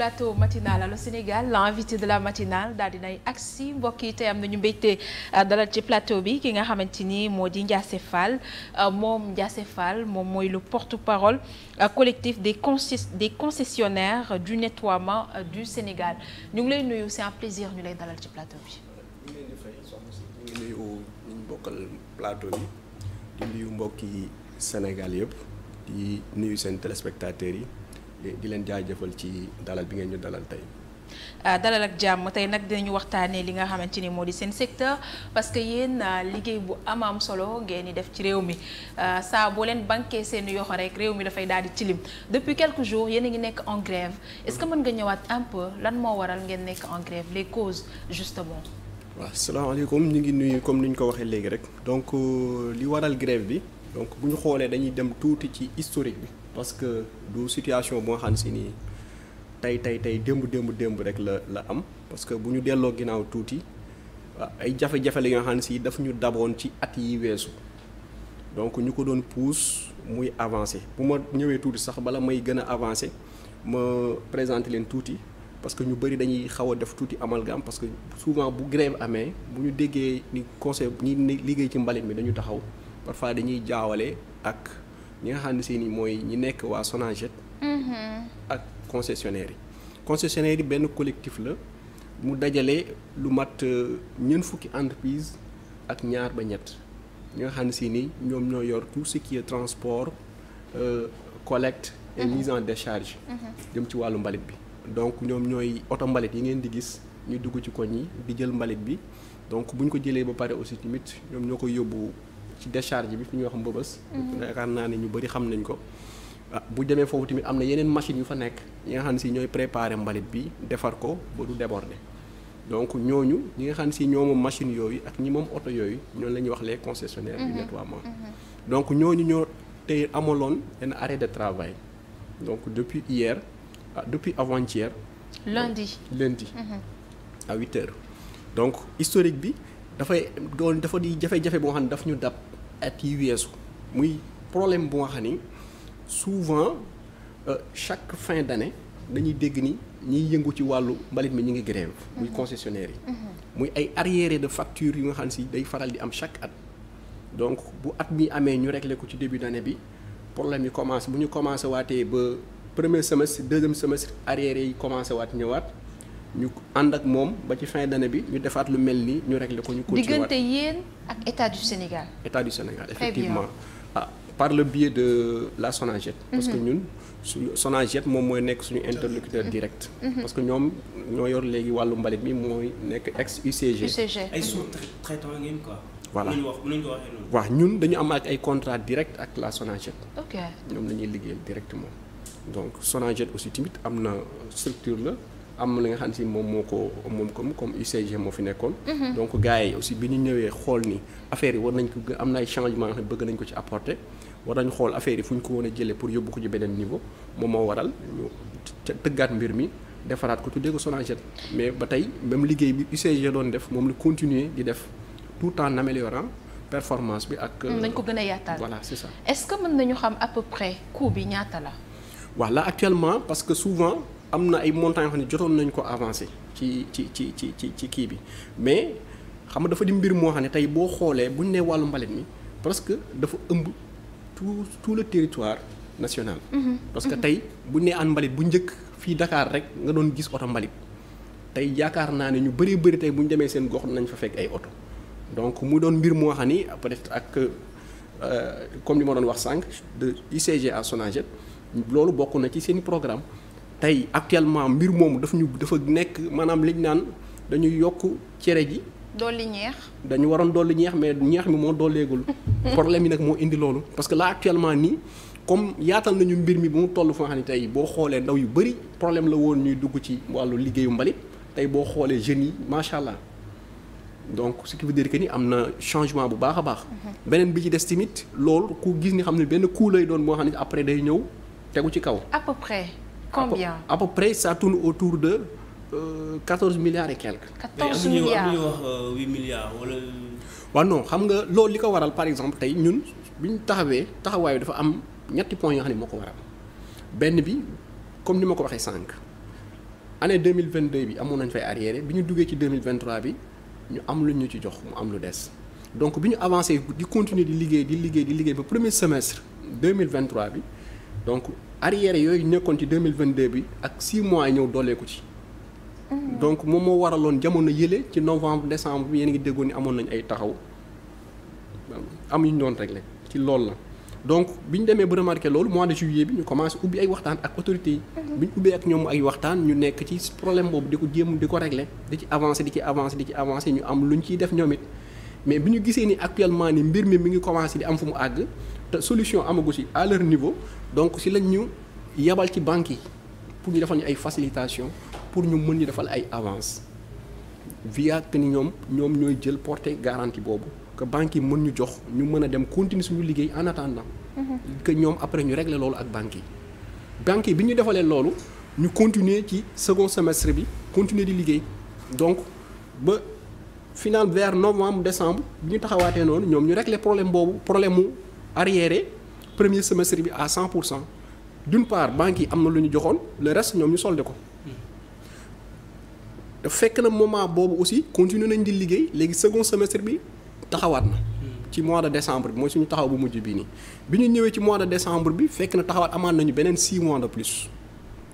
plateau matinal la Sénégal l'invité de la matinale daal dinay agsi mbokk yi tey am na ñu mbégte euh, dalal ci plateau bi ki nga xamante ni moo di Ndiassé Fall euh, moom Ndiassé Fall moom mooy le porte-parole euh, collectif des des concessionnaires du nettoiement du Sénégal ñu ngi lay nuyu c'est un plaisir ñu lay dalal ci plateau bi. ñu ngi leen yëpp di nuyu seen yi. di leen jëfal ci dalal bi ngeen ñu dalal tey. Ah, dalal ak jàmm tey nag ñu waxtaanee li nga xamante ni moo di seen secteur parce que yéen ah, liggéey bu amaam solo ngeen di def ci réew mi ah, saa boo leen banqué seen yoxo rek réew mi dafay daal di tilim depuis quelque jour yéen a ngi nekk en grève est-ce que mën nga ñëwaat un peu lan moo waral ngeen nekk en grève les causes justement. waaw salaamaaleykum ñu ngi nuyu comme ni ñu ko waxee léegi rek donc euh, li waral grève bi donc bu ñu xoolee dañuy dem tuuti ci historique parce que du situation boo xam si nii tey tey tey démb démb démb rek la la am parce que bu ñu delloo ginnaaw tuuti ay jafe-jafe la xam si daf ñu daboon ci at yi weesu donc ñu ko doon pousse muy avancer bu ma ñëwee tuuti sax bala may gën a avancer ma présente leen tuuti parce que ñu bëri dañuy xaw a def tuuti amalgame parce que souvent bu grève amee bu ñu déggee ni conseil ñi liggéey ci mbalit mi dañu taxaw parfois dañuy jaawale ak. ñi nga xam ne si ni mooy ñi nekk waa Sonaged mm-hmm. ak concessionnaire yi concessionnaire yi benn collectif la mu dajale lu mat euh, ñeent fukki entreprise ak ñaar ba ñett ñi nga xam ne si ni ñoom ñoo yor tout ce qui transport euh, collecte et mm-hmm. mise en décharge mm-hmm. jëm ci wàllu mbalit bi donc ñoom ñooy oto mbalit yi ngeen di gis ñu dugg ci koñ yi di jël mbalit bi donc bu ko jëlee ba pare aussi tamit ñoom ñoo koy yóbbu ci décharge bi fi ñuy wax mbëbës. Mhm. yaakaar naa ne ñu bëri xam nañ ko. ah bu demee foofu tamit am na yeneen machine yu fa nekk ñi nga xam ne si ñooy préparer mbalit bi defar ko ba du déborder donc ñooñu ñi nga xam ne si ñoo machine yooyu ak ñi moom oto yooyu ñooñu la ñuy wax les concessionnaires du mhm. nettoiement mhm. donc ñooñu ñoo tey amaloon benn arrêt de travail donc depuis hier ah depuis avant-hier lundi lundi à donc historique bi dafay doon dafa di jafe-jafe boo xam ne daf ñu dab at yi weesu muy problème bu nga xam ni souvent euh, chaque fin d'année dañuy dégg ni ñiy yëngu ci wàllu mbalit mi ñu ngi grève muy mhm. concessionnaire yi mhm. muy ay arriéré de facture yu nga xam si day faral di am chaque at donc bu at mi amee ñu regle ko ci début d'année bi problème yi commencé bu ñu commencé waatee ba premier semestre deuxième semestre arriéré yi commencé waat ñëwaat ñu ànd ak moom ba ci fin d'année bi ñu defaat lu mel nii ñu réglé ko ñu. continué diggante yéen ak état du Sénégal. état du Sénégal effectivement. Ah, par le bier de la Sonaged. parce que mhm. ñun suñu Sonaged moom mooy nekk suñu interlocuteur mhm. direct. Mhm. parce que ñoom ñoo yor léegi wàllu mbalit mi mooy nekk ex UCG. UCG ay sous-traitants ngeen quoi. voilà waaw ñun dañu am ak ay contrat direct ak la Sonaged. ok ñoom la ñuy liggéeyal directement. donc Sonaged aussi tamit am na structure la. am li nga xam si moom moo ko moom comme comme UCG moo fi nekkoon. Mhm. donc gars yi aussi bi ñu ñëwee xool ni affaire yi war nañ ko am na ay changement yoo xam ne bëgg nañ ko ci apporter war nañ xool affaire yi fu ñu ko woon a jëlee pour yóbbu ko ci beneen niveau moom moo waral ñu tëggaat mbir mi. defaraat ko tuddee ko Sonaged mais ba tey même liggéey bi UCG doon def moom la continuer di def tout en améliorant performance bi ak. nañ mm, ko gën a yaatal voilà c'est ça. est-ce que mën nañu xam à peu bi ñaata la. voilà parce que souvent. am na ay montants xam ne jotoon nañ ko avancé ci ci ci ci ci ci kii bi mais xam nga dafa di mbir moo xam ne tey boo xoolee bu ñu nee wàllu mbalit mi parce que dafa ëmb tout tout le territoire national. Mm-hmm. parce que mm-hmm. tey bu ñu nee an mbalit bu njëkk fii dakaar rek nga doon gis oto mbalit tey yaakaar naa ne ñu bëree bëri tey bu ñu demee seen gox nañ fa fekk ay oto donc mu doon mbir moo xam ni peut-être ak euh, comme li ma doon wax sànq de ICG à Sonaged loolu bokk na ci seen programme. tey actuellement mbir moomu daf ñu dafa nekk maanaam liñ naan dañuy yokk cere ji. dolli ñeex. dañu waroon dolli ñeex mais ñeex mi moo dooleegul. problème yi nag moo indi loolu. parce que là actuellement nii comme yaatal nañu mbir mi bu mu toll foo xam ne tey boo xoolee ndaw yu bëri problème la woon ñuy dugg ci wàllu liggéeyu mbalit tey boo xoolee jeunes yi macha allah donc ce qui veut que ni am na changement bu baax a baax. Mhm. beneen bi ci des tamit loolu ku gis ni xam ne benn coup lay doon boo xam ne après day ñëw tegu ci kaw. à combien à peu, à peu près ça de euh, quatorze milliards et quelques. quatorze milliards mais am wax euh, huit milliards xam nga loolu li ko waral par exemple tey ñun bi ñu taxawee taxawaay bi dafa am ñetti points yoo xam moo ko waral benn bi comme ni ma ko waxee sànq année deux mille vingt deux bi amoon nañ fay arriéré bi ñu duggee ci deux mille bi ñu am lu ñu ci jox mu am lu des donc bi ñu avancé di continuer di liggéey di liggéey di liggéey ba premier semestre deux mille vingt bi donc. arrière yooyu nekkoon ci de bi ak 6 mois yi ñëw dooleeku ci. donc moom moo waraloon jamono yële ci novembre décembre bi yéen ngi déggoon ni amoon nañu ay taxaw am yu ñu doon réglé ci loolu na donc bi ñu demee ba remarqué loolu mois de juillet bi ñu commencé ubbi ay waxtaan ak autorité yi. Mhm. bi ñu ubbee ak ñoom ay waxtaan ñu nekk ci problème boobu di ko jéem di ko réglé di ci avancé di ci avancé di ci avancé ñu am lu ñu ciy def ñoom it mais ñu gisee ni actuellement ni mbir mi mi ngi commencé di am fu àgg te solution amagu si à leur niveau donc si lañ ñu yabal ci banque yi pour ñu defal ñu ay facilitation pour ñu mën ñu defal ay avance via que ni ñoom ñoom ñooy jël porter garantie boobu que banques yi mën ñu jox ñu mën a dem continuer suñu liggéey en attendant. Mm-hmm. que ñoom après ñu régler loolu ak banque yi. banques bi ñu defalee loolu ñu continuer ci second semestre bi continuer di liggéey donc ba final vers novembre décembre bi ñu taxawaatee noonu ñoom ñu régler problème boobu problème mu. arriéré premier semestre bi à cent pour cent d'une part banques yi am na lu ñu joxoon le reste ñoom ñu soldé ko. fekk na moment boobu aussi continuer nañ di liggéey léegi second semestre bi taxawaat na. ci mois de décembre bi mooy suñu taxaw bu mujj bii nii bi ñu ñëwee ci mois de décembre bi fekk na taxawaat amaan nañu beneen 6 mois de plus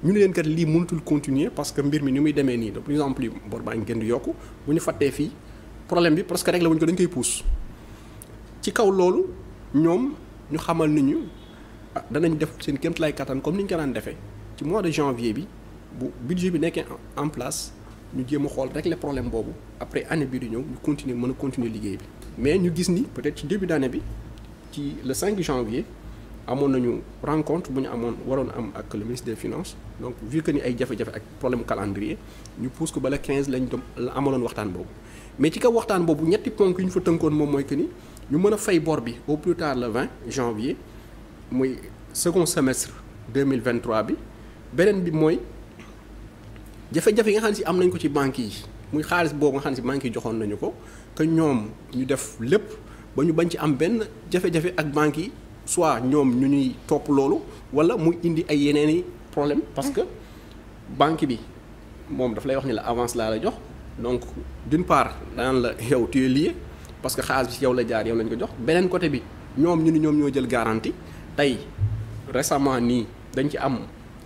ñu ne leen kat lii mënatul continuer parce que mbir mi ni muy demee nii de plus en plus bor baa ñu fàttee fii problème bi parce que réglé dañ koy ci kaw loolu. ñoom ñu xamal ni ñu ah, danañ def seen kéemtalaay kattan comme ni ñu ko daan defee ci mois de janvier bi bu budget bi nekkee en place ñu jéem a xool rek le problème boobu après anne bi di ñëw ñu continuer mën a continuer liggéey bi. mais ñu gis ni peut-être ci début d'année bi ci le 5 janvier amoon nañu rencontre bu ñu amoon waroon am ak le ministre des finances donc vu que ni ay jafe-jafe ak problème calendrier ñu pousse ko ba le 15 lañ dem la amaloon waxtaan boobu mais ci kaw waxtaan boobu ñetti ponk yu moom mooy que ni. ñu mën a fay bor bi au plus tard le 20 janvier muy second semestre 2023 bi beneen bi mooy jafe-jafe yi nga xam ne am nañ ko ci banque yi muy xaalis boobu nga xam ne si yi joxoon nañu ko que ñoom ñu def lépp ba ñu bañ ci am benn jafe-jafe ak banque yi soit ñoom ñu ñuy topp loolu wala mu indi ay yeneen i problème parce que banque bi moom daf lay wax ni la avance laa la jox donc d'une part daan la yow tu es parce que xaalis bi ci yow la jaar yow lañ ko jox beneen côté bi ñoom ñu ni ñoom ñoo jël garantie tey récemment nii dañ ci am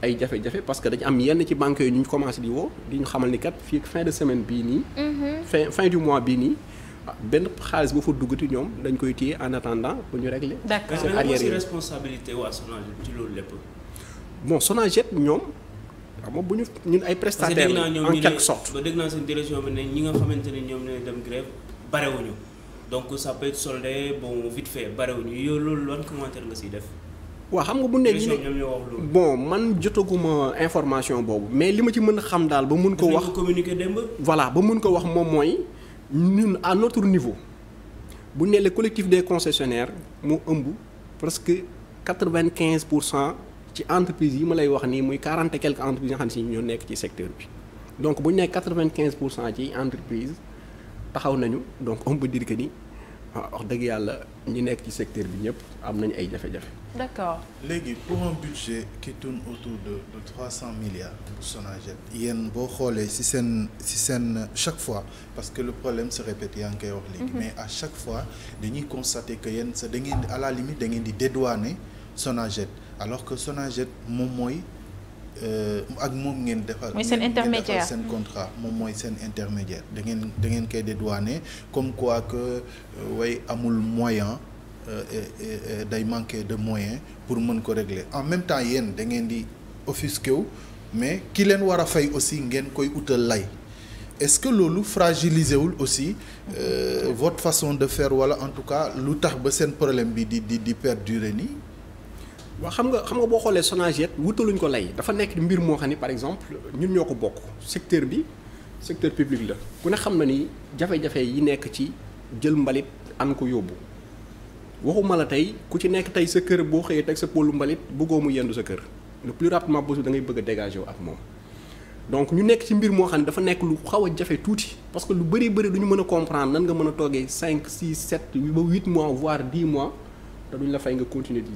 ay jafe-jafe parce que dañ am yenn ci banques yi ñu commencé di woo xamal ni kat fii fin de semaine bii nii. Mhm. fin fin du mois bii nii. Ah, benn xaalis boo fa duggati ñoom dañ koy téye en attendant bu ñu régler. d'accord seen arrière yi responsabilité waa Sonaged ci loolu lépp. bon Sonaged ñoom. xam nga bu ñu ñun ay prestataires en quelque sorte. parce dégg naa ñoom ñu ne dégg naa seen direction bi ne ñi nga xamante ne ñoom ñooy dem grève barewuñu donc ça peut être soldé bon vite fait barewuñu yow loolu lon commentaire nga siy def. waaw xam nga bu ne ñu bon man jotaguma information boobu mais li ma ci mën a xam daal ba mun ko wax communiquer démb voilà ba mun ko wax moom mooy ñun à notre niveau bu ne le collectif des concessionnaires mu ëmb presque quatre-vingt-quinze pour cent ci entreprise yi ma lay wax nii muy quarante et quelques entreprises yoo xam ne si ñoo nekk ci secteur bi donc bu ñu nee quatre-vingt-quinze pour cent ci entreprise taxaw nañu donc on peut dire que ni ah, wax dëgg yàlla ñi nekk ci secteur bi ñëpp am nañu ay jafe-jafe. d'accord léegi pour un budget qui tourne autour de de trois cent milliards pour Sonaged. yéen boo xoolee si seen si seen chaque fois parce que le problème se répète yaa ngi koy wax léegi. Mhm. mais à chaque fois dañuy constater que yéen sa da ngeen di à da ngeen di dédouaner Sonaged alors que Sonaged moom mooy. Euh, ak moom ngeen defar. mooy seen intermédiaire seen contrat moom mooy seen intermédiaire da da ngeen koy dédouaner comme quoi que euh, way amul moyen euh, day manquer de moyen pour mën ko régler en même temps yéen da ngeen di offusqué wu mais ki leen war a fay aussi ngeen koy utal lay est-ce que loolu fragiliser wul aussi euh, votre façon de faire walla en tout cas lu tax ba seen problème bi di di di perdurer nii. waaw xam nga xam nga boo xoolee Sonaged wutaluñ ko lay dafa nekk mbir moo xam ne par exemple ñun ñoo ko bokk secteur bi secteur public la ku ne xam na ni jafe-jafe yi nekk ci jël mbalit am ko yóbbu waxuma la tey ku ci nekk tey sa kër boo xëyee teg sa polu mbalit bëggoo mu yendu sa kër le plus rapidement possible da ngay bëgg a wu ak moom. donc ñu nekk ci mbir moo xam ne dafa nekk lu xaw a jafe tuuti parce que lu bëri bëri du mën a comprendre nan nga mën a toogee 5 6 7 ba 8 mois voire 10 mois te duñ la fay nga continuer di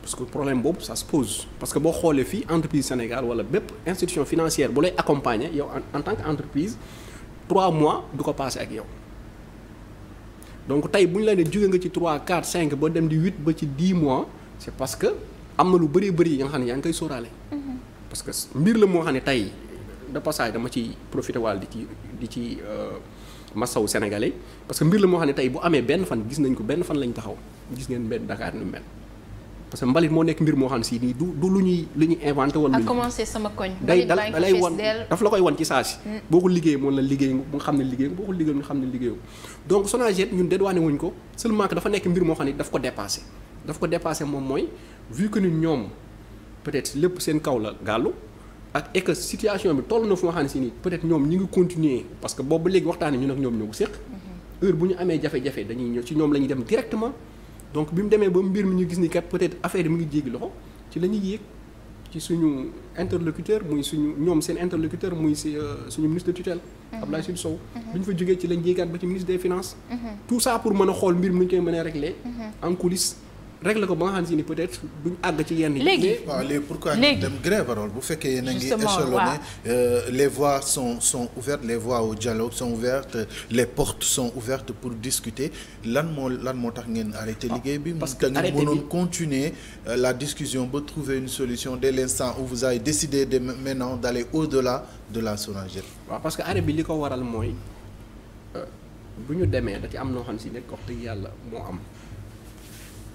parce que problème boobu ça se pose parce que boo xoolee fii entreprise Sénégal wala bépp institution financière bu lay accompagner yow en tant que entreprise trois mois du ko passé ak yow donc tey bu ñu la ne jóge nga ci trois quatre cinq ba dem di huit ba ci dix mois c'est parce que am na lu bëree bëri yi nga xam ne yaa ngi koy sóoraale. Mm-hmm. parce que mbir la moo xam ne tey de dama ci profité waal di ci di ci euh, masawu sénégalais parce que mbir la moo xam ne tey bu amee benn fan gis nañ ko benn fan lañ taxaw gis ngeen benn Dakar ni parce que mbalit moo nekk mbir moo xam si nii du du lu ñuy lu ñuy inventé woon. a commencé sama koñ. day dalay wan daf la koy wan ci saa si. Mm. boo ko liggéeyee moom la liggéey nga xam ne liggéey nga boo ko liggéey nga xam ne liggéey donc SONAGED ñun dédouane wuñ ko seulement que dafa nekk mbir moo xam ne daf ko dépassé daf ko dépassé moom mooy vu que ni ñoom peut-être lépp seen kaw la gàllu ak et que situation bi toll na fu nga xam ne si nii peut-être ñoom ñi ngi continuer parce que boobu ba léegi waxtaanee ñun ak ñoom ñoo ko séq mm-hmm. heure bu ñu amee jafe-jafe dañuy ñëw ci ñoom la ñuy dem directement donc bi mu demee ba mbir mi ñu gis ni kat peut-être affaire yi mu ngi jéggi loxo ci la ñuy yéeg ci suñu interlocuteur muy suñu ñoom seen interlocuteur muy si euh, suñu ministre de tutelle. Mhm. Abdoulaye Seydou Sow. Mhm. bi ñu fa jógee ci lañ yéegaat ba ci ministre des finances. Mhm. tout ça pour mën a xool mbir mu ñu koy mën a régler en régler ko ba nga xam si ni peut-être duñ àgg ci yenn yi. léegi waaw léegi pourquoi ñu dem grève alors bu fekkee yéen a ngi échelonné euh, les voies sont sont ouvertes les voies au dialogue sont ouvertes les portes sont ouvertes pour discuter lan moo lan moo tax ngeen arrêté ah, liggéey bi. parce que arrêté bi mënoon continuer euh, la discussion ba trouver une solution de l'instant où vous avez décidé de maintenant d'aller au-delà de la SONAGED. waaw parce que arrêt bi li ko waral mooy euh, bu ñu demee da ci am noo xam si nekk wax yàlla moo am.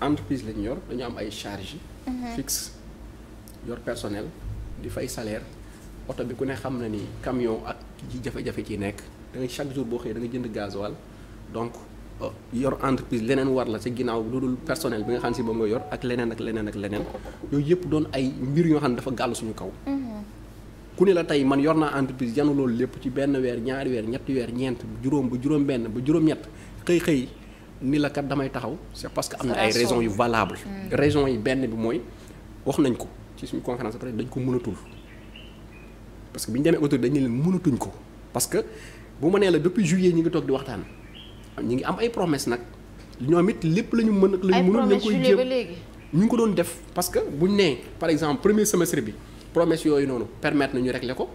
entreprise lañu yor dañu am ay charges. Mhm. fix yor personnel di fay salaire oto bi ku ne xam na ni camion ak ji jafe-jafe ci nekk da ngay chaque jour boo xëyee da nga jënd gasoil donc oh, yor entreprise leneen war la ci ginnaaw lu dul personnel bi nga xam si moom nga yor ak leneen ak leneen ak leneen yooyu yëpp doon ay mbir yoo xam ne dafa gàll suñu kaw. Mhm. ku ne la tey man yor naa entreprise yanu loolu lépp ci benn weer ñaari weer ñetti weer ñeent juróom ba juróom-benn ba juróom-ñett xëy ni la kat damay taxaw c'est parce que am na ay raisons yu valable mm. raisons yi benn bi mooy wax nañ ko ci suñu conférence après dañ ko mënatul parce que bi ñu demee autorité dañu leen mënatuñ ko parce que bu ma nee la depuis juillet ñi ngi toog di waxtaan ñu ngi am ay promesse nag ñoom it lépp la ñu mën ak la ñu mënul ñu ngi koy jéem ñu ngi ko doon def parce que buñ nee par exemple premier semestre bi promesse yooyu noonu permettre nañu régler ko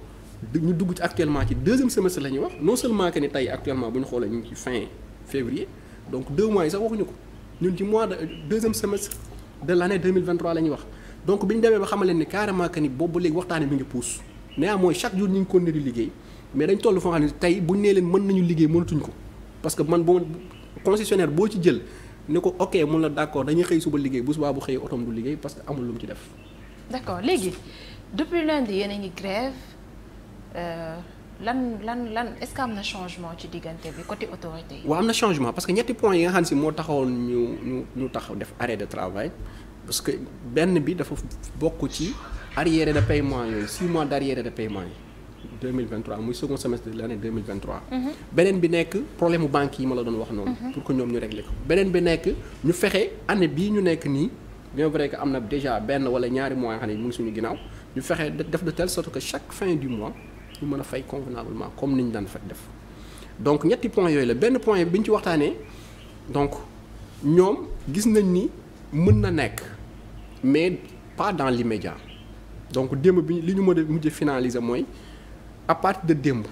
ñu dugg ci actuellement ci deuxième semestre la wax non seulement que ni tey actuellement bu ñu xoolee ñu ngi ci fin février donc deux mois yi sax waxuñu ko ñun ci mois de deuxième semestre de l' année 2023 la ñuy wax donc bi ñu demee ba xamal leen ni carrément que ni boobu ba léegi waxtaanee mi ngi puus néanmoins chaque jour ñu ngi continuer di liggéey mais dañ toll foo xam ne tey buñ nee leen mën nañu liggéey mënatuñ ko parce que man boo concessionnaire boo ci jël ne ko ok mun la d' accord dañuy xëy suba liggéey bu subaa bu xëyee otoom du liggéey parce que amul lu mu ci def. d' accord léegi a ngi grève. Euh, lan lan lan est-ce que am na changement ci diggante bi côté autorité yi. waaw am na changement parce que ñetti points yi nga xam si moo taxawoon ñu ñu ñu taxaw def arrêt de travail parce que benn bi dafa bokk ci arriéré de paiement yooyu 6 mois d'arriéré de paiement yi. 2023 muy second semestre de l'année mm-hmm. beneen bi nekk problème mu yi ma la doon wax noonu. Mm-hmm. ñoom ñu régler ko. beneen bi nekk ñu fexe année bii ñu nekk nii bien vrai que am na déjà benn wala ñaari mois yoo xam ne mu ngi suñu ginnaaw ñu fexe def de telle sorte que chaque fin du mois. ñu mën a fay convenablement comme ni ñu daan fa def donc ñetti point yooyu la benn point bi ñu ci waxtaanee donc ñoom gis nañ ni mën na nekk mais pas dans l'immédiat donc démb bi li ñu mën a mujj finaliser mooy à partir de démb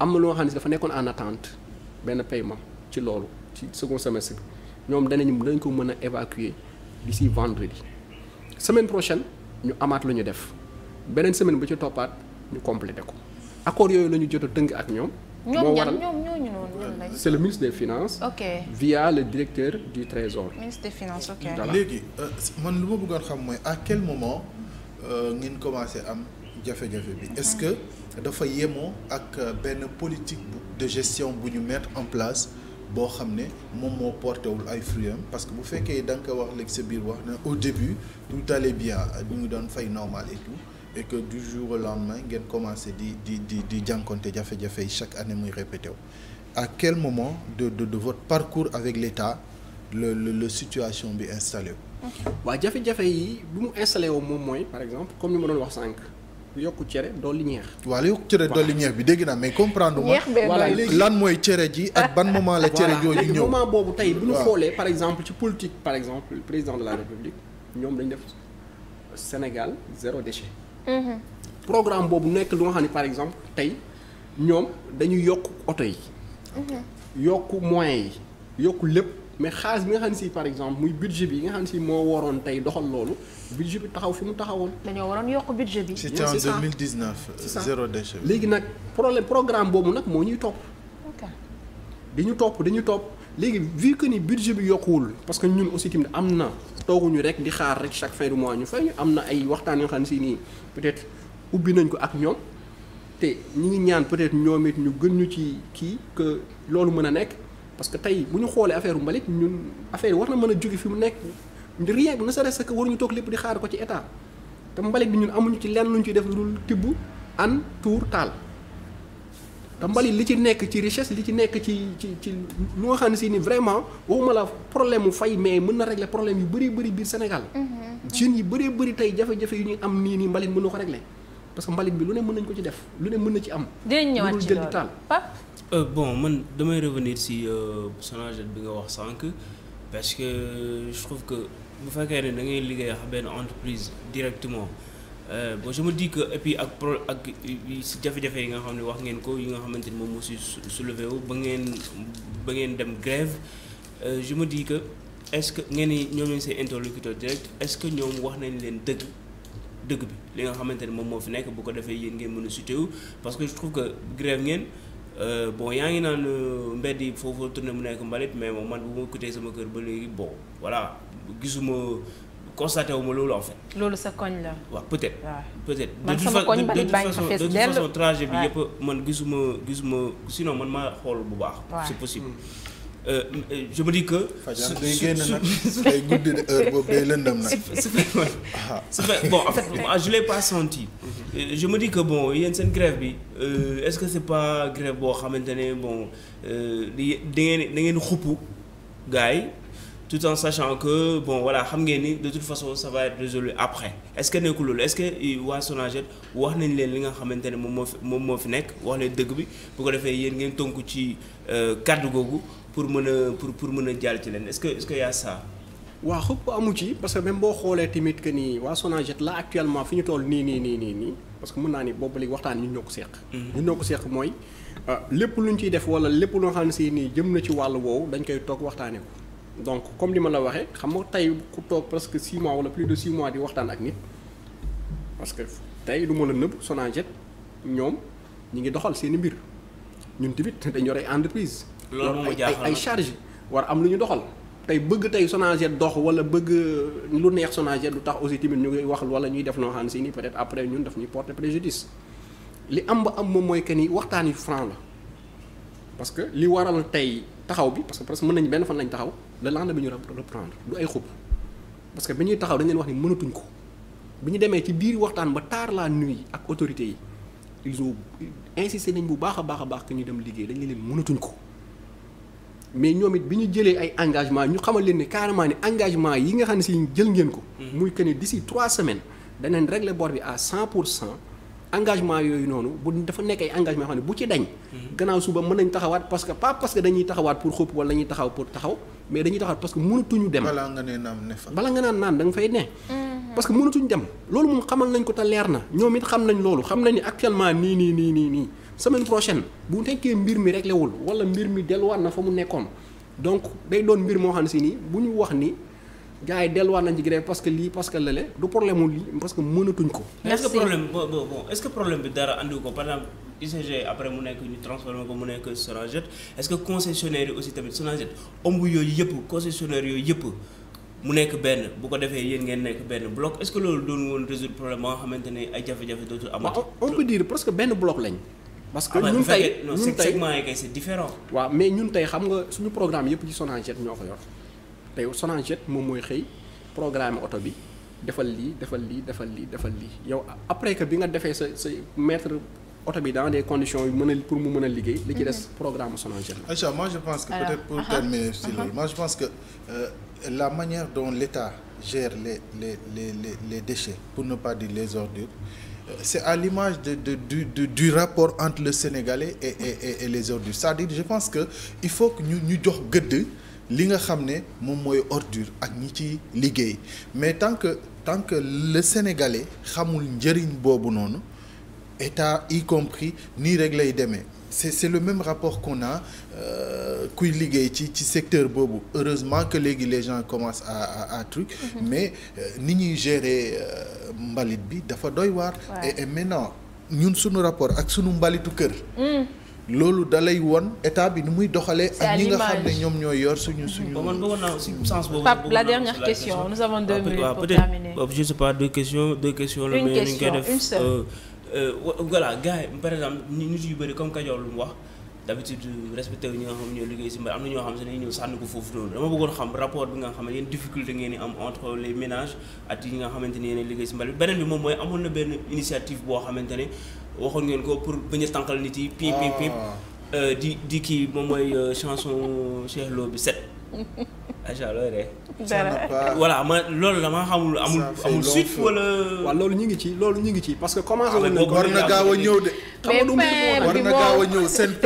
am na loo xam ne dafa nekkoon en attente benn paiement ci loolu ci second semestre bi ñoom danañ dañ ko mën a évacué évacuer d'ici vendredi semaine prochaine ñu amaat lu ñu def beneen semaine bu ci toppaat. ñu complété ko accord yooyu la ñu jot a ak ñoom. moo waral ñoom ñooñu noonu c'est le ministre des finances. ok via le directeur du trésor. ministre des finances léegi euh, man lu ma bëggoon xam mooy à quel moment euh, ngeen commencé am jafe-jafe bi est-ce que dafa yemoo ak euh, benn politique de gestion bu ñu mettre en place. boo xam ne moom moo porté wul ay fruits parce que bu fekkee danga nga ko wax léegi sa biir wax na au début tout allait bien ñu ngi doon fay normal et et que du jour au lendemain ngeen commencé di di di di jànkonte jafe-jafe yi chaque année muy répété wu à quel moment de de de votre parcours avec l'État le le, le situation bi installé waa jafe-jafe yi bu mu installé woo moom mooy par exemple comme ni ma doon wax sànq. yokku cere dolli ñeex. waaw yokku cere dolli ñeex bi dégg naa mais comprendre ma. lan mooy cere ji ak ban moment la cere jooju ñëw moment boobu tey bu ñu xoolee par exemple ci politique par exemple le président de la république ñoom dañ def Sénégal zéro Mm-hmm. programme boobu nekk lu nga xam ne par exemple tey ñoom dañu yokk oto yi. Mm-hmm. yokk moyens yi yokk lépp mais xaalis bi nga xam ne si par exemple muy budget bi yi nga xam ne si moo waroon tey doxal loolu budget bi taxaw fi mu taxawoon. dañoo waroon yokk budget bi. c'était en 2019 zéro déchet. léegi nag problème programme boobu nag moo ñuy topp. ñu topp dañu topp léegi vu que ni budget bi yokkuwul parce que ñun aussi tamit am na. tooguñu rek di xaar rek chaque fin du mois ñu fay ñu am na ay waxtaan yoo xam ne si nii peut-être ubbi nañ ko ak ñoom te ñu ngi ñaan peut-être ñoom it ñu gën ñu ci kii que loolu mën a nekk parce que tey bu ñu xoolee affaire mbalit ñun affaire war na mën a jóge fi mu nekk rien ne serait-ce que ñu toog lépp di xaar ko ci état te mbalit bi ñun amuñu ci lenn luñ ciy def lu dul tibb an tuur taal. te mbalit li ci nekk ci richesse li ci nekk ci ci ci lu nga xam ne si ni vraiment waxuma la problème mu fay mais mën na régler problème yu bëri bari biir Sénégal. Mhm. jeunes yi bëree bëri tey jafe-jafe yu ñuy am nii nii mbalit mën na ko régler parce que mbalit bi lu ne mën nañ ko ci def lu ne mën na ci am. dinañ ñëwaat ci loolu Pape euh, bon man damay revenir si euh, Sonaged bi nga wax sànq parce que je trouve que bu fekkee ne da ngay liggéey xam benn entreprise directement. Euh, bon je me dis que ak pro ak si jafe-jafe yi nga xam ne wax ngeen ko yi nga xamante ni moom moo si soulevé wu ba ngeen ba ngeen dem grève euh, je me dis que est-ce que ngeen ni ñoom ñooy seen interlocuteur direct est-ce que ñoom wax nañ leen dëgg dëgg bi li nga xamante ne moom moo fi nekk bu ko defee yéen ngeen mën a sutewu parce que je trouve que grève ngeen euh, bon yaa ngi naan mbedd yi foofu tourné mu nekk mbalit mais moom man bu ma kutee sama kër ba léegi bon voilà gisuma constaté wu ma loolu en fait. loolu sa koñ la. waaw peut-être. de toute façon trajet bi yëpp man gisuma gisuma sinon man maa xool bu baax. c'est possible. Hmm. Euh, je me dis que. su day génn lëndëm nag. su fekkee ah. bon en ah, je l'ai pas senti. Mhm. Euh, je me dis que bon yéen seen grève bi euh, est-ce que c'est pas grève boo xamante ne bon euh, di da ngeen da tout en sachant que bon voilà xam ngeen ni de toute façon ça va être résolu après est-ce que nekkul loolu est waa Sonaged wax nañ leen li nga xamante ne moom moo fi moom moo fi nekk wax leen dëgg bi bu ko defee yéen ngeen tonku ci euh, kàddu googu pour mën a pour pour mën a jàll ci leen est-ce que est-ce xëpp amu ci parce que même boo xoolee tamit que ni waa Sonaged la actuellement fi ñu tool nii nii nii nii nii parce que mën naa ni boobu léegi waxtaan ñu ñoo ko seq. Mm-hmm. ñu ñoo mooy euh, lépp lu ñu def wala lépp loo xam ne si nii jëm na ci wàll woowu dañ koy toog waxtaanee ko. donc comme li ma la waxee xam nga tey ku toog presque six mois wala plus de 6 mois di waxtaan ak nit parce que tey lu ma la nëbb Sonaged ñoom ñi ngi doxal seen i mbir ñun tamit dañu yore entreprise. loolu moo jaaxal ay charge war am lu ñu doxal. tey bëgg tey Sonaged dox wala bëgg lu neex Sonaged lu tax aussi tamit ñu ngi wax wala ñuy def noo xam ne si ni peut-être après ñun daf ñuy porter préjudice li am ba am moom mooy que ni waxtaan yu franc la parce que li waral tey taxaw bi parce que presque mën nañ benn fan lañ taxaw. le lendemain bi ñu reprendre du ay xub parce que bi ñuy taxaw dañ wax ni mënatuñ ko bi ñu demee ci biir waxtaan ba tard la nuit ak autorités yi ils ont insisté nañ bu baax a baax a baax que ñu dem liggéey dañ leen mënatuñ ko mais ñoom it bi ñu jëlee ay engagement ñu xamal leen ne carrément ne engagement yi nga xam ne si jël ngeen ko. Hmm. muy que ne d'ici trois semaines danañ régler bor bi à cent pour cent. engagement yooyu noonu bu dafa nekk ay engagement xam bu ci dañ mm-hmm. gannaaw suba mën nañ taxawaat parce que pas parce que dañuy taxawaat pour xëpp wala dañuy taxaw pour taxaw mais dañuy taxawaat parce que mënatuñu dem balaa nga ne mm-hmm. dem loolu moom xamal nañ ko te leer na ñoom it xam nañ loolu xam nañ ni actuellement nii nii nii nii nii semaine prochaine bu nekkee mbir mi réglé wul wala mbir mi delluwaat na fa mu nekkoon donc day doon mbir moo xam ne si nii bu ñu wax nii gars yi delluwaat nañ ci grève parce que lii parce que lële du problème mu lii parce mënatuñ ko. est bi dara andiwu ko par exemple UCG après mu nekk ñu transformé ko mu nekk Sonaged est-ce que concessionnaire yi aussi tamit Sonaged ëmb yooyu yëpp concessionnaire yooyu yëpp. mu nekk benn bu ko defee yéen ngeen nekk benn bloc est-ce que loolu doon woon résoudre problème ba nga xamante ne ay jafe-jafe dootul amati. on peut dire benn bloc lañ. parce que ah ñun tey ñun tey segment yi kay tey xam nga suñu programme yëpp ci Sonaged ñoo ko yor. te yow Sonaged moom mooy xëy programme oto bi defal lii defal lii defal lii defal lii yow après que bi nga defee sa sa mettre oto bi dans des conditions yu mën a pour mu mën a liggéey. li ci des mhm. programme Sonaged la. moi je pense que peut-être pour uh-huh. terminer si uh-huh. que euh, la manière dont l'État gère les les les les les déchets pour ne pas dire les ordures. Euh, c'est à l'image de, de du du du rapport entre le Sénégalais et les ordures c'est-à-dire je pense que il faut que ñu ñu jox gëdd. li nga xam ne moom mooy ordure ak ñi ci liggéey mais tant que tant que le sénégalais xamul njëriñ boobu noonu état y compris nii rek lay demee c'est c'est le même rapport qu'on a euh, kuy liggéey ci ci secteur boobu heureusement que léegi les gens commence à à, à truc mm-hmm. mais euh, ni ñuy gérer euh, mbalit bi dafa doy waar et ñun suñu rapport ak suñu mbalitu kër mm. loolu dalay won état bi ni muy doxalee. ak ñi nga xam ne ñoom ñoo yor suñu suñu. man bëggoon naa aussi sens boobu. Pape la dernière question nous avons deux minutes pour terminer. je sais ñu koy def euh, euh, voilà gars yi par exemple euh, na ñoo xam ne dañuy ñëw sànni ko foofu noonu dama bëggoon xam rapport bi nga xam nga xamante ne yéen liggéey si mbay beneen moom mooy amoon na benn initiative boo xamante ne waxoon ngeen ko pour bañ a tànqal nit yi. piip piip ah. euh, di di kii moom mooy euh, chanson Cheikh Lo bi set. macha looy de. dara voilà ma loolu dama xamul amul amul suite wala. loolu ñu ngi ci loolu ñu ngi ci parce que commencé ah, woon war na gaaw a ñëw de. xam nga war na gaaw a ñëw seen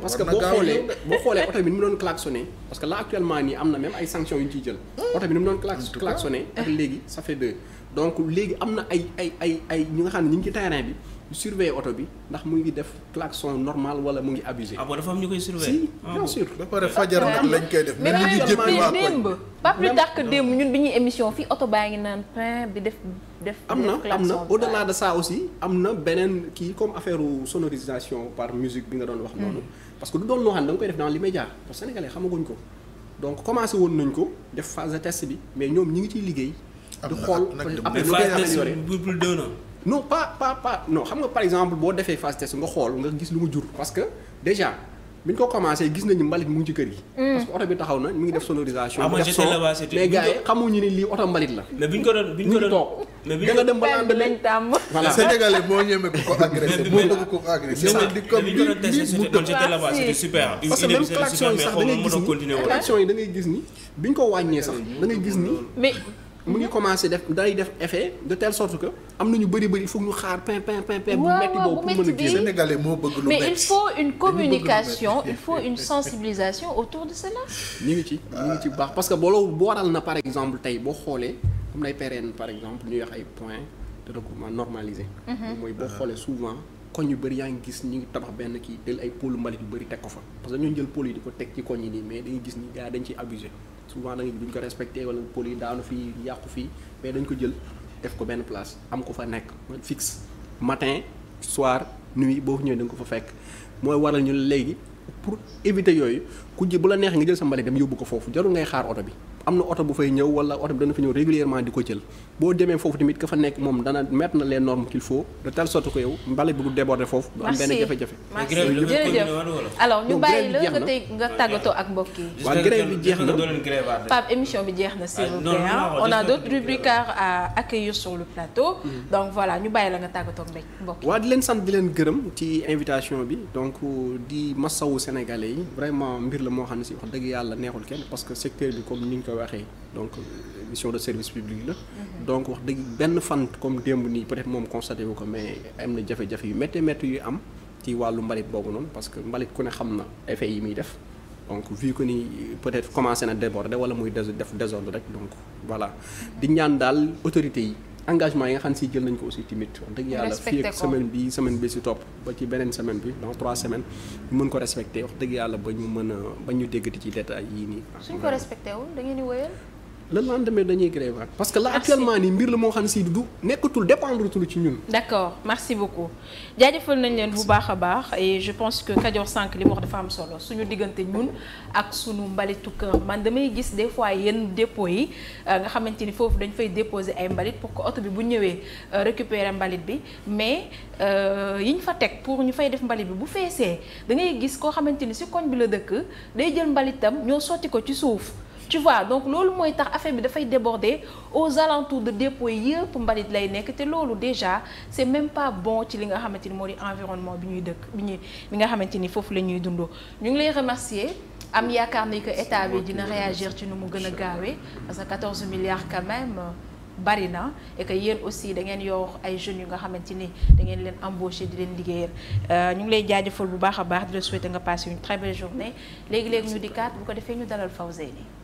parce que boo xoolee boo xoolee oto doon klaxonné parce que là actuellement nii am na même ay sanctions yu ñu ciy jël. Ah. oto bi ni mu doon klaxonné ak léegi sa fait deux. donc léegi am na ay ay ay ay ñi nga xam ne ñu ngi ci terrain bi surveiller oto bi ndax mu ngi def klaxon normal wala mu ngi abusé. ah dafa am ñu koy surveiller. si ah bien sûr. ba pare koy def. mais ñu ngi jëpp waa démb bi ñuy émission fii oto baa ngi naan plein bi def. def am na am na au delà de ça aussi am na beneen kii comme affaire sonorisation par musique bi nga doon wax hmm. noonu. parce que du doon loo xam ne da nga koy def dans l'immédiat parce que sénégalais xamaguñ ko donc commencé woon nañ ko def phase test bi mais ñoom ñi ngi ciy liggéey. di xool après lu koy amélioré non xam nga par exemple boo defee phase nga xool nga gis lu mu jur parce que déjà bi ñu ko commencé gis nañu mbalit mu ngi ci kër hmm. ah, yi ñu ko doon bi ñu ko doon mais ñu ko doon tàmm lañ tàmm. voilà Sénégalais ko agressé moo bëgg ku ko agressé. di comme li li parce que même klaxon yi sax da gis ni klaxon yi da gis ni bi ñu ko wàññee sax da ngay gis ni. mu ngi mhm. commencé def day def effet de telle sorte que am na ñu bëri bëri foog ñu xaar pain pain pain pain. bu metti boobu pour moo bëgg lu mais il faut une communication ñu ngi ci baax parce que boo boo waral na tey boo xoolee comme lay PRN exemple mhm. yaa ngi gis ñu ngi tabax benn kii jël ay pôle mbalit yu bëri teg ko fa parce que dañoo jël pôle yi di ko teg ci koñ yi nii mais dañuy gis ni gars dañ ciy abusé. souvent da nga duñ ko respecté wala pôles yi daanu fii yàqu fii mais dañ ko jël def ko benn place am ko fa nekk fixe matin soir nuit boo ñëwee da ko fa fekk mooy waral ñu léegi pour éviter yooyu ku ji bu la neex nga jël sa mbalit dem yóbbu ko foofu jarul ngay xaar oto bi. am na oto bu fay ñëw wala oto bi dana fa ñëw régulièrement di ko jël boo demee foofu tamit ka fa nekk moom dana mettre na les normes qu'il faut de telle sorte que yow mbalit bu déborder foofu. nga tey ak mbokk yi. waaw bi jeex na Pape émission bi jeex na s'il ah, vous plaît on a d'autres rubricards mm-hmm. donc voilà ñu bàyyi la nga tàggatoo ak mbokk yi. waaw di leen sant di leen gërëm ci invitation bi donc di masawu sénégalais yi vraiment mbir la moo xam ne si wax dëgg yàlla neexul kenn parce que secteur bi comme ni ko waxee donc mission de service public la. Mhm. donc wax dëgg benn fan comme démb nii peut-être moom constaté wu ko mais am na jafe-jafe yu méttee métti yu am ci wàllu mbalit boobu noonu parce que mbalit ku ne xam na effet yi muy def. donc vu que ni peut-être commencé na déborder wala muy def désordre rek donc voilà mhm. di ñaan daal autorités yi. engagement yi nga xam si jël nañ ko aussi tamit wax dëgg yàlla fii ak semaine bi semaine bi si topp ba ci beneen semaine bi dans trois semaines ñu mën ko respecté wax dëgg yàlla ba ñu mën a ba ñu déggati ci détails yii nii suñ ko respecté wul da ngeen di le lendemain dañuy grévaat parce que là actuellement nii mbir la moo xam si du nekkatul dépendre tul ci ñun. d' accord merci beaucoup jaajëfal nañ leen bu baax a baax et je pense que Kajoor sànq li mu wax dafa am solo suñu diggante ñun ak suñu mbalitu kër man damay gis des fois yenn dépôt yi euh, nga xamante ni foofu dañ fay déposer ay mbalit pour que oto bi bu ñëwee euh, récupérer mbalit bi mais euh, yi ñu fa teg pour ñu fay def mbalit bi bu feesee da ngay gis koo xamante ni si koñ bi la dëkk day jël mbalitam ñoo sotti ko ci suuf. tu vois donc loolu mooy tax affaire bi dafay déborder aux alentours de dépôt yëpp mbalit lay nekk te loolu déjà c'est même pas bon ci li nga xamante ni moo di environnement bi ñuy dëkk bi ñuy nga xamante ni foofu la ñuy dundoo ñu ngi lay remercier am yaakaar ni que état bi dina réagir nu mu gën a gaawee parce que 14 milliards quand même euh, bari na et que aussi da ngeen yor ay jeunes yu nga xamante ni da ngeen leen embaucher di leen liggéeyal euh, ñu ngi lay jaajëfal bu baax a baax di la souhaiter nga passer une très belle journée léegi léegi ñu di kaat bu ko defee ñu dalal Fawzeyni